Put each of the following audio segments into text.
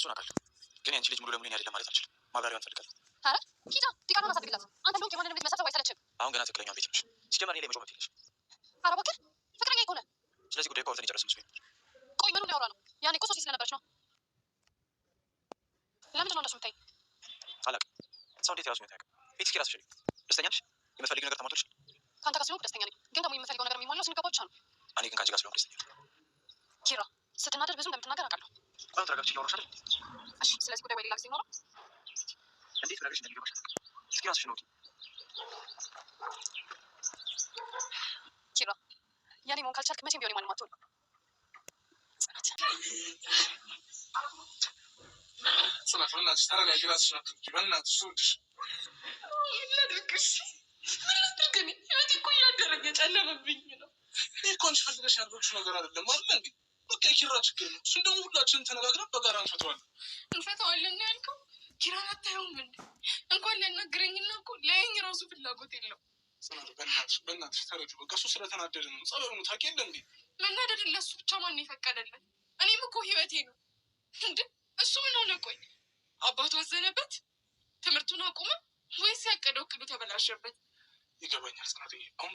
እሱን አውቃለሁ፣ ግን ያንቺ ልጅ ሙሉ ለሙሉ አይደለም ማለት አልችልም። ማብራሪያውን ፈልጋለሁ። ኧረ ሂዳ ዲቃላን አሳድግላት። አንተ ልክ የማንንም ቤት መሰብሰብ አይሰለችም። አሁን ገና ትክክለኛውን ቤት ነሽ። ሲጀመር እኔ ላይ መጮህ መብት የለሽም። ኧረ እባክህ ፍቅረኛ ይቆነ ስለዚህ ጉዳይ እኮ አውርተን መስሎኝ ቆይ ምኑን ያወራ ነው? ያኔ እኮ ሶስት ስለነበረች ነው። ለምንድን ነው እንደሱ የምታይኝ? አላውቅም። ሰው እንዴት የራሱ ያውቃል? ቤት እስኪ ራስሽ ደስተኛ ነሽ? የምትፈልጊው ነገር ተሟልቶልሽ? ከአንተ ጋር ስለሆንኩ ደስተኛ ነኝ፣ ግን ደግሞ የምፈልገው ነገር የሚሟላው ስንገባ ብቻ ነው። እኔ ግን ከአንቺ ጋር ስለሆንኩ ደስተኛ ነኝ። ኪራ ስትናደድ ብዙ እንደምትናገር አውቃለሁ። በጣም ተረጋግቼ እያወራሁሽ አይደል? እሺ፣ ስለዚህ ጉዳይ ወይ ጊዜ ይኖረው እንዴት ብነግርሽ እንደሚገባሽ እስኪ ራስሽን አውጪ። ኪራ፣ የኔ መሆን ካልቻልክ መቼም ቢሆን የማንም አትሆንም። ጨለመብኝ ነው። እኮ አንቺ ፈልገሽ ያደረግሽው ነገር አይደለም አይደል እንዴ በቃ የኪራ ችግር ነው። እሱን ደግሞ ሁላችንም ተነጋግረን በጋራ እንፈተዋለን። እንፈተዋለን ነው ያልከው? ኪራን አታየውም እንዴ? እንኳን ሊያናግረኝና እኮ ሊያየኝ ራሱ ፍላጎት የለው። ጽናት በእናትሽ በእናትሽ ተረጁ። በቃ እሱ ስለተናደደ ነው ጸበብ ነው። ታውቂ የለ እንዴ መናደድ ለእሱ ብቻ ማን የፈቀደለን? እኔም እኮ ህይወቴ ነው እንዴ። እሱ ምን ሆነ? ቆይ አባቱ አዘነበት? ትምህርቱን አቁመ? ወይስ ያቀደው እቅዱ ተበላሸበት? ይገባኛል ጽናት ይሄ አሁን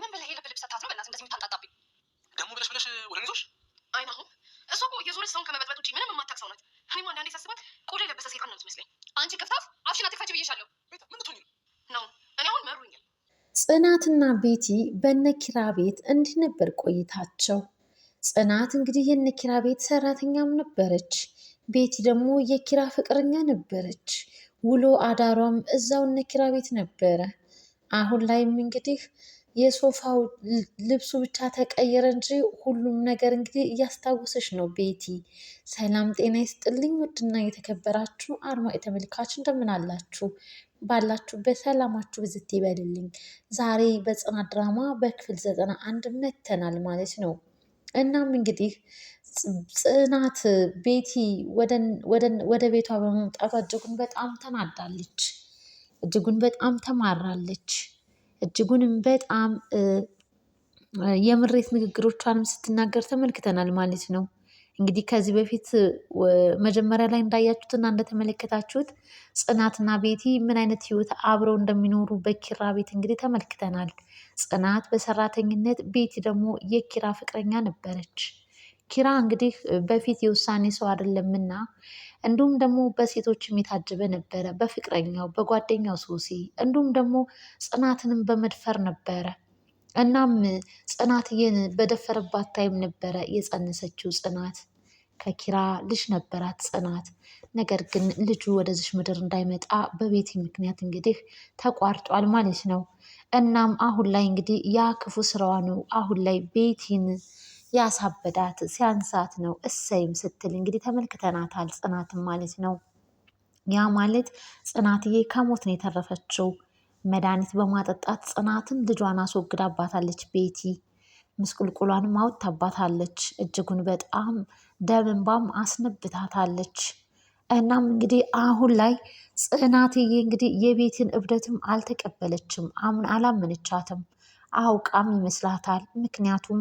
ምን ብለህ ሄደህ ልብስ ሰታት ነው? በእናትህ እንደዚህ የምታንጣጣብኝ ደግሞ ብለሽ ብለሽ ወደ ሚዞሽ አይ ነው እሷ እኮ የዞረች ሰውን ከመበጥበጥ ውጭ ምንም የማታውቅ ሰው ናት። እኔም አንዳንዴ ሳስባት ቆዳ የለበሰ ሴጣን ነው የምትመስለኝ። አንቺ ክፍታፍ አፍሽን አትክፈች ብዬሻለሁ። ምን ትሆኝ ነው? እኔ አሁን መሩኛል። ጽናትና ቤቲ በነኪራ ቤት እንዲህ ነበር ቆይታቸው። ጽናት እንግዲህ የነኪራ ቤት ሰራተኛም ነበረች። ቤቲ ደግሞ የኪራ ፍቅረኛ ነበረች። ውሎ አዳሯም እዛው እነኪራ ቤት ነበረ። አሁን ላይም እንግዲህ የሶፋው ልብሱ ብቻ ተቀየረ እንጂ ሁሉም ነገር እንግዲህ እያስታወሰች ነው ቤቲ። ሰላም ጤና ይስጥልኝ ውድና የተከበራችሁ አድማጭ ተመልካች እንደምን አላችሁ? ባላችሁበት ሰላማችሁ ብዝት ይበልልኝ። ዛሬ በጽናት ድራማ በክፍል ዘጠና አንድ መተናል ማለት ነው። እናም እንግዲህ ጽናት ቤቲ ወደ ቤቷ በመምጣቷ እጅጉን በጣም ተናዳለች። እጅጉን በጣም ተማራለች። እጅጉንም በጣም የምሬት ንግግሮቿንም ስትናገር ተመልክተናል ማለት ነው። እንግዲህ ከዚህ በፊት መጀመሪያ ላይ እንዳያችሁትና እንደተመለከታችሁት ጽናትና ቤቲ ምን አይነት ህይወት አብረው እንደሚኖሩ በኪራ ቤት እንግዲህ ተመልክተናል። ጽናት በሰራተኝነት ቤቲ ደግሞ የኪራ ፍቅረኛ ነበረች። ኪራ እንግዲህ በፊት የውሳኔ ሰው አይደለምና እንዲሁም ደግሞ በሴቶችም የታጀበ ነበረ። በፍቅረኛው በጓደኛው ሶሲ እንዲሁም ደግሞ ጽናትንም በመድፈር ነበረ። እናም ጽናትዬን በደፈረባት ታይም ነበረ የጸነሰችው። ጽናት ከኪራ ልጅ ነበራት ጽናት። ነገር ግን ልጁ ወደዚች ምድር እንዳይመጣ በቤቲ ምክንያት እንግዲህ ተቋርጧል ማለት ነው። እናም አሁን ላይ እንግዲህ ያ ክፉ ስራዋ ነው አሁን ላይ ቤቲን ያሳበዳት ሲያንሳት ነው እሰይም ስትል እንግዲህ ተመልክተናታል። ጽናትን ማለት ነው። ያ ማለት ጽናትዬ ከሞት ነው የተረፈችው። መድኃኒት በማጠጣት ጽናትን ልጇን አስወግዳባታለች። ቤቲ ምስቁልቁሏንም አውጥታባታለች። እጅጉን በጣም ደምንባም አስነብታታለች። እናም እንግዲህ አሁን ላይ ጽናትዬ እንግዲህ የቤትን እብደትም አልተቀበለችም። አሁን አላመነቻትም። አውቃም ይመስላታል። ምክንያቱም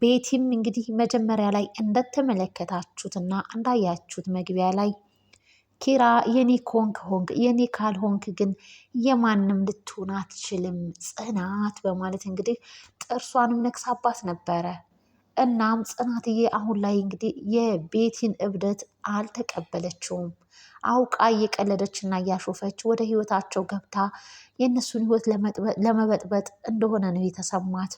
ቤቲም እንግዲህ መጀመሪያ ላይ እንደተመለከታችሁትና እንዳያችሁት መግቢያ ላይ ኪራ የኔ ኮንክ ሆንክ የኔ ካልሆንክ ግን የማንም ልትሆን አትችልም ጽናት በማለት እንግዲህ ጥርሷንም ነክሳባት ነበረ። እናም ጽናትዬ አሁን ላይ እንግዲህ የቤቲን እብደት አልተቀበለችውም። አውቃ እየቀለደችና እያሾፈች ወደ ህይወታቸው ገብታ የእነሱን ህይወት ለመበጥበጥ እንደሆነ ነው የተሰማት።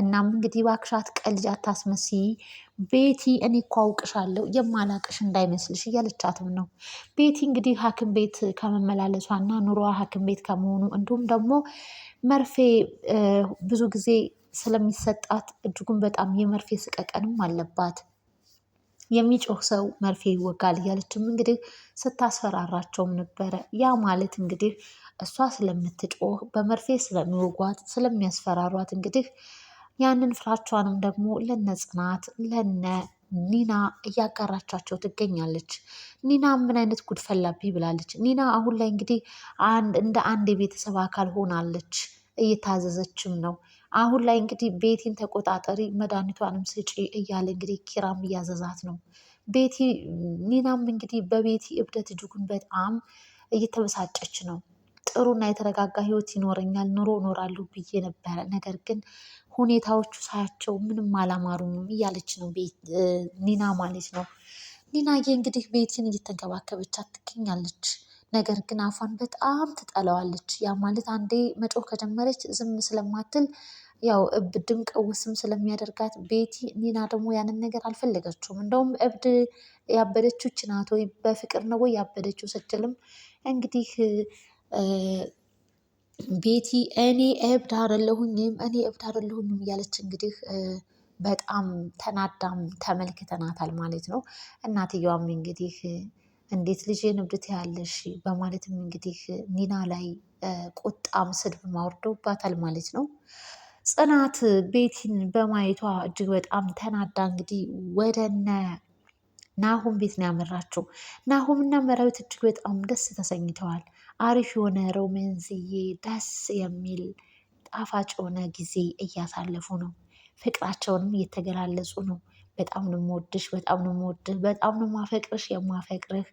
እናም እንግዲህ ባክሻት ቀልጅ አታስመሲ ቤቲ፣ እኔ እኮ አውቅሻለሁ የማላቅሽ እንዳይመስልሽ እያለቻትም ነው። ቤቲ እንግዲህ ሐኪም ቤት ከመመላለሷና ኑሮዋ ሐኪም ቤት ከመሆኑ እንዲሁም ደግሞ መርፌ ብዙ ጊዜ ስለሚሰጣት እጅጉን በጣም የመርፌ ስቀቀንም አለባት። የሚጮህ ሰው መርፌ ይወጋል እያለችም እንግዲህ ስታስፈራራቸውም ነበረ። ያ ማለት እንግዲህ እሷ ስለምትጮህ በመርፌ ስለሚወጓት ስለሚያስፈራሯት እንግዲህ ያንን ፍራቿንም ደግሞ ለነ ጽናት ለነ ኒና እያጋራቻቸው ትገኛለች። ኒና ምን አይነት ጉድ ፈላብኝ ብላለች። ኒና አሁን ላይ እንግዲህ እንደ አንድ የቤተሰብ አካል ሆናለች፣ እየታዘዘችም ነው። አሁን ላይ እንግዲህ ቤቲን ተቆጣጠሪ፣ መድኃኒቷንም ስጪ እያለ እንግዲህ ኪራም እያዘዛት ነው። ቤቲ ኒናም እንግዲህ በቤቲ እብደት እጅጉን በጣም እየተበሳጨች ነው። ጥሩና የተረጋጋ ህይወት ይኖረኛል ኑሮ እኖራለሁ ብዬ ነበረ፣ ነገር ግን ሁኔታዎቹ ሳያቸው ምንም አላማሩም እያለች ነው ኒና ማለት ነው። ኒናዬ እንግዲህ ቤቲን እየተንከባከበቻት ትገኛለች። ነገር ግን አፏን በጣም ትጠለዋለች። ያ ማለት አንዴ መጮህ ከጀመረች ዝም ስለማትል ያው እብድም ውስም ስለሚያደርጋት ቤቲ ኒና ደግሞ ያንን ነገር አልፈለገችውም። እንደውም እብድ ያበደችው እች ናት ወይ በፍቅር ነው ወይ ያበደችው ስትልም እንግዲህ ቤቲ እኔ እብድ አይደለሁኝም እኔ እብድ አይደለሁኝም እያለች እንግዲህ በጣም ተናዳም ተመልክተናታል ማለት ነው። እናትየዋም እንግዲህ እንዴት ልጄን እብድ ትያለሽ በማለትም እንግዲህ ኒና ላይ ቁጣም ስድብ አውርደውባታል ማለት ነው። ጽናት ቤቲን በማየቷ እጅግ በጣም ተናዳ እንግዲህ ወደነ ናሁም ቤት ነው ያመራችው። እና መራዊት እጅግ በጣም ደስ ተሰኝተዋል። አሪፍ የሆነ ሮሜንዝዬ ደስ የሚል ጣፋጭ የሆነ ጊዜ እያሳለፉ ነው። ፍቅራቸውንም እየተገላለጹ ነው። በጣም ነው የምወድሽ፣ በጣም ነው የምወድህ፣ በጣም ነው የማፈቅርሽ፣ የማፈቅርህ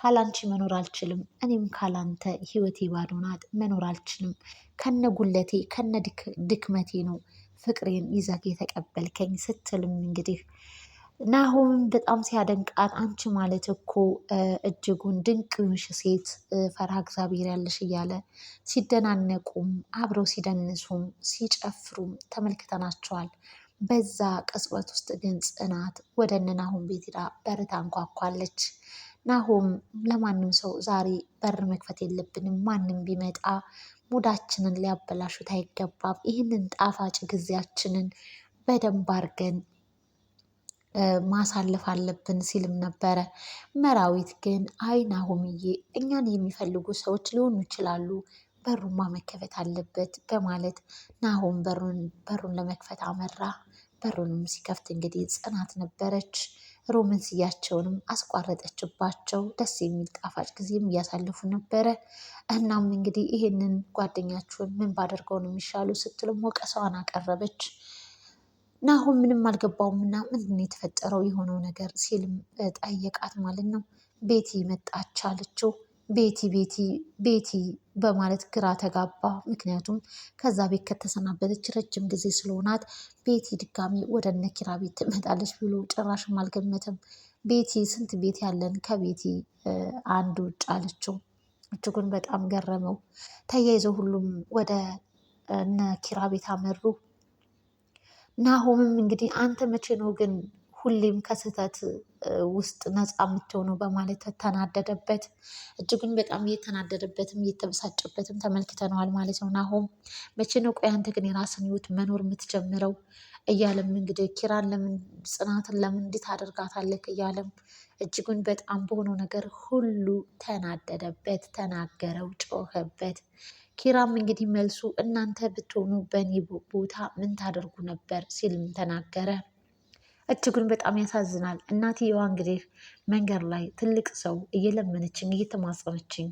ካላንቺ መኖር አልችልም፣ እኔም ካላንተ ህይወቴ ባዶ ናት፣ መኖር አልችልም፣ ከነ ጉለቴ ከነ ድክመቴ ነው ፍቅሬን ይዘህ የተቀበልከኝ ስትልም እንግዲህ ናሆምም በጣም ሲያደንቃት አንቺ ማለት እኮ እጅጉን ድንቅ ይሁንሽ ሴት ፈርሃ እግዚአብሔር ያለሽ እያለ ሲደናነቁም አብረው ሲደንሱም ሲጨፍሩም ተመልክተናቸዋል። በዛ ቅጽበት ውስጥ ግን ጽናት ወደ እነ ናሆም ቤት ሄዳ በር ታንኳኳለች። ናሆም ለማንም ሰው ዛሬ በር መክፈት የለብንም፣ ማንም ቢመጣ ሙዳችንን ሊያበላሹት አይገባም፣ ይህንን ጣፋጭ ጊዜያችንን በደንብ አድርገን ማሳለፍ አለብን ሲልም ነበረ። መራዊት ግን አይ ናሆምዬ፣ እኛን የሚፈልጉ ሰዎች ሊሆኑ ይችላሉ በሩማ መከፈት አለበት በማለት ናሆም በሩን ለመክፈት አመራ። በሩንም ሲከፍት እንግዲህ ጽናት ነበረች። ስያቸውንም አስቋረጠችባቸው። ደስ የሚል ጣፋጭ ጊዜም እያሳለፉ ነበረ። እናም እንግዲህ ይህንን ጓደኛችሁን ምን ባደርገው ነው የሚሻሉ ስትልም ወቀሳዋን አቀረበች። ናሆም ምንም አልገባውም እና ምንድን የተፈጠረው የሆነው ነገር ሲልም ጠየቃት ማለት ነው። ቤቲ መጣች አለችው። ቤቲ ቤቲ ቤቲ በማለት ግራ ተጋባ። ምክንያቱም ከዛ ቤት ከተሰናበተች ረጅም ጊዜ ስለሆናት ቤቲ ድጋሚ ወደ ኪራ ቤት ትመጣለች ብሎ ጭራሽም አልገመተም። ቤቲ ስንት ቤት ያለን ከቤቲ አንድ ውጭ አለችው። እጅጉን በጣም ገረመው። ተያይዘው ሁሉም ወደ ነኪራ ቤት አመሩ። ናሆምም እንግዲህ አንተ መቼ ነው ግን ሁሌም ከስህተት ውስጥ ነፃ የምትሆነው በማለት ተናደደበት። እጅጉን በጣም እየተናደደበትም እየተበሳጨበትም ተመልክተነዋል ማለት ነው። ናሆም መቼ ነው ቆይ አንተ ግን የራስን ህይወት መኖር የምትጀምረው? እያለም እንግዲህ ኪራን ለምን ጽናትን ለምን እንዴት አደርጋታለክ? እያለም እጅጉን በጣም በሆነው ነገር ሁሉ ተናደደበት፣ ተናገረው፣ ጮኸበት። ኪራም እንግዲህ መልሱ እናንተ ብትሆኑ በእኔ ቦታ ምን ታደርጉ ነበር ሲልም ተናገረ። እጅጉን በጣም ያሳዝናል። እናትየዋ እንግዲህ መንገድ ላይ ትልቅ ሰው እየለመነችኝ እየተማጸነችኝ፣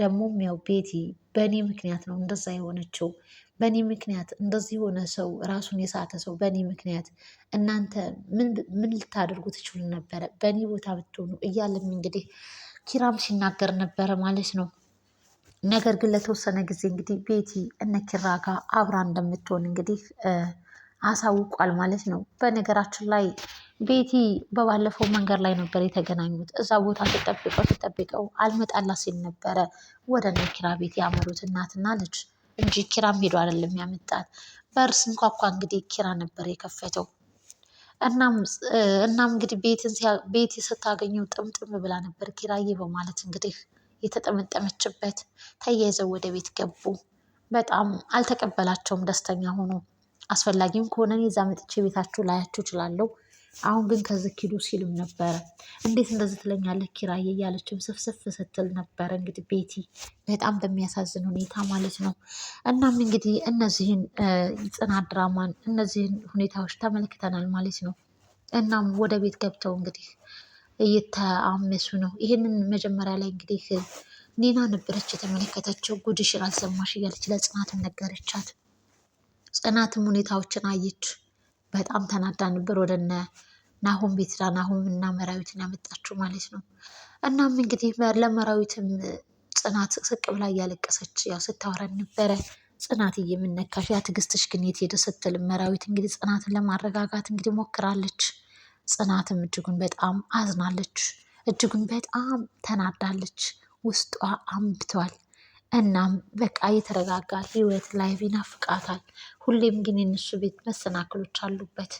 ደግሞም ያው ቤቲ በእኔ ምክንያት ነው እንደዛ የሆነችው፣ በእኔ ምክንያት እንደዚህ የሆነ ሰው ራሱን የሳተ ሰው በእኔ ምክንያት እናንተ ምን ልታደርጉ ትችሉ ነበረ? በእኔ ቦታ ብትሆኑ እያለም እንግዲህ ኪራም ሲናገር ነበረ ማለት ነው። ነገር ግን ለተወሰነ ጊዜ እንግዲህ ቤቲ እነ ኪራ ጋር አብራ እንደምትሆን እንግዲህ አሳውቋል ማለት ነው። በነገራችን ላይ ቤቲ በባለፈው መንገድ ላይ ነበር የተገናኙት። እዛ ቦታ ትጠብቀው ትጠብቀው አልመጣላ ሲል ነበረ ወደ እነ ኪራ ቤት ያመሩት እናትና ልጅ እንጂ ኪራም ሄዶ አይደለም ያመጣት። በእርስ እንኳኳ እንግዲህ ኪራ ነበር የከፈተው። እናም እንግዲህ እንግዲህ ቤት ስታገኘው ጥምጥም ብላ ነበር ኪራዬ በማለት እንግዲህ የተጠመጠመችበት ተያይዘው ወደ ቤት ገቡ። በጣም አልተቀበላቸውም ደስተኛ ሆኖ አስፈላጊም ከሆነ እኔ እዛ መጥቼ ቤታችሁ ላያችሁ እችላለሁ። አሁን ግን ከዚህ ኪዱ ሲሉም ነበረ እንዴት እንደዚህ ትለኛለህ ኪራዬ እያለችም ስፍስፍ ስትል ነበረ እንግዲህ ቤቲ በጣም በሚያሳዝን ሁኔታ ማለት ነው። እናም እንግዲህ እነዚህን ጽናት ድራማን እነዚህን ሁኔታዎች ተመልክተናል ማለት ነው። እናም ወደ ቤት ገብተው እንግዲህ እየተአመሱ ነው። ይህንን መጀመሪያ ላይ እንግዲህ ኒና ነበረች የተመለከተችው። ጉድሽን አልሰማሽ እያለች ለጽናትም ነገረቻት። ጽናትም ሁኔታዎችን አየች። በጣም ተናዳ ነበር ወደ ናሆም ቤት ዳ ናሆም እና መራዊትን ያመጣችው ማለት ነው። እናም እንግዲህ ለመራዊትም ጽናት ስቅ ብላ እያለቀሰች ያው ስታወራን ነበረ። ጽናት እየምነካሽ ያ ትግስትሽ ግን የት ሄደ ስትል መራዊት እንግዲህ ጽናትን ለማረጋጋት እንግዲህ ሞክራለች። ጽናትም እጅጉን በጣም አዝናለች። እጅጉን በጣም ተናዳለች። ውስጧ አምብቷል። እናም በቃ የተረጋጋ ህይወት ላይፍ ይናፍቃታል። ሁሌም ግን የእነሱ ቤት መሰናክሎች አሉበት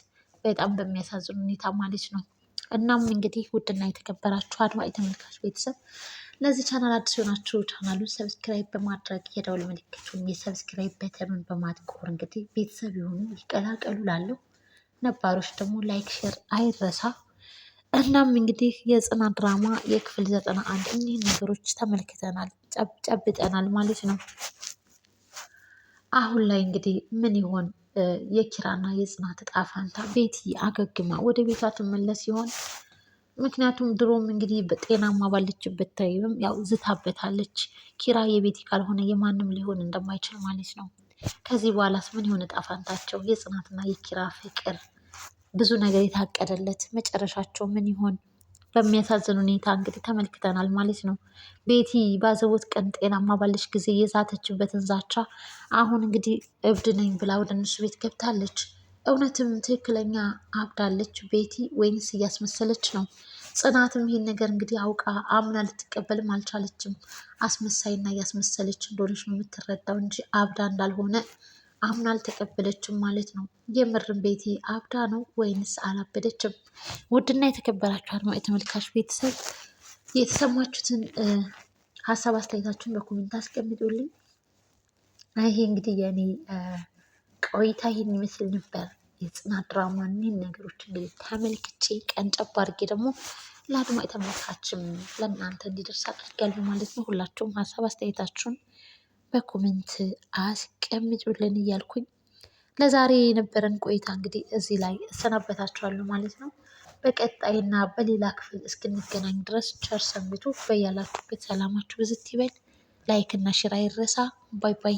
በጣም በሚያሳዝን ሁኔታ ማለት ነው። እናም እንግዲህ ውድና የተከበራችሁ አድማጭ ተመልካች ቤተሰብ ለዚህ ቻናል አዲስ የሆናችሁ ቻናሉን ሰብስክራይብ በማድረግ የደውል ምልክቱን የሰብስክራይብ በተኑን በማጥቆር እንግዲህ ቤተሰብ የሆኑ ይቀላቀሉ ላለው ነባሮች ደግሞ ላይክ ሼር አይረሳ እናም እንግዲህ የጽናት ድራማ የክፍል ዘጠና አንድ እኒህ ነገሮች ተመልክተናል ጨብጠናል ማለት ነው። አሁን ላይ እንግዲህ ምን ይሆን የኪራና የጽናት እጣ ፋንታ? ቤቲ አገግማ ወደ ቤቷ ትመለስ ይሆን? ምክንያቱም ድሮም እንግዲህ በጤናማ ባለችበት ታይምም ያው ዝታበታለች። ኪራ የቤቲ ካልሆነ የማንም ሊሆን እንደማይችል ማለት ነው። ከዚህ በኋላስ ምን ይሆን እጣ የጽናትና የኪራ ፍቅር? ብዙ ነገር የታቀደለት መጨረሻቸው ምን ይሆን? በሚያሳዝን ሁኔታ እንግዲህ ተመልክተናል ማለት ነው። ቤቲ ባዘቦት ቀን ጤናማ ባለች ጊዜ የዛተችበትን ዛቻ አሁን እንግዲህ እብድ ነኝ ብላ ወደ እነሱ ቤት ገብታለች። እውነትም ትክክለኛ አብዳለች ቤቲ ወይንስ እያስመሰለች ነው? ጽናትም ይህን ነገር እንግዲህ አውቃ አምና ልትቀበልም አልቻለችም። አስመሳይና እያስመሰለች እንደሆነች ነው የምትረዳው እንጂ አብዳ እንዳልሆነ አምና አልተቀበለችም ማለት ነው። የምርም ቤቲ አብዳ ነው ወይንስ አላበደችም? ውድና የተከበራችሁ አድማ ተመልካች ቤተሰብ የተሰማችሁትን ሀሳብ አስተያየታችሁን በኮሜንት አስቀምጡልኝ። ይሄ እንግዲህ የኔ ቆይታ ይህን ይመስል ነበር። የጽናት ድራማ እኒህን ነገሮች እንግዲህ ተመልክቼ ቀንጨባ አድርጌ ደግሞ ለአድማ የተመልካችም ለእናንተ እንዲደርስ አድርጋለሁ ማለት ነው። ሁላችሁም ሀሳብ አስተያየታችሁን በኮሜንት አስቀምጡልን እያልኩኝ ለዛሬ የነበረን ቆይታ እንግዲህ እዚህ ላይ እሰናበታችኋለሁ ማለት ነው። በቀጣይና በሌላ ክፍል እስክንገናኝ ድረስ ቸር ሰንብቱ። በያላችሁበት ሰላማችሁ ብዝት ይበል። ላይክ እና ሽር አይረሳ። ባይ ባይ።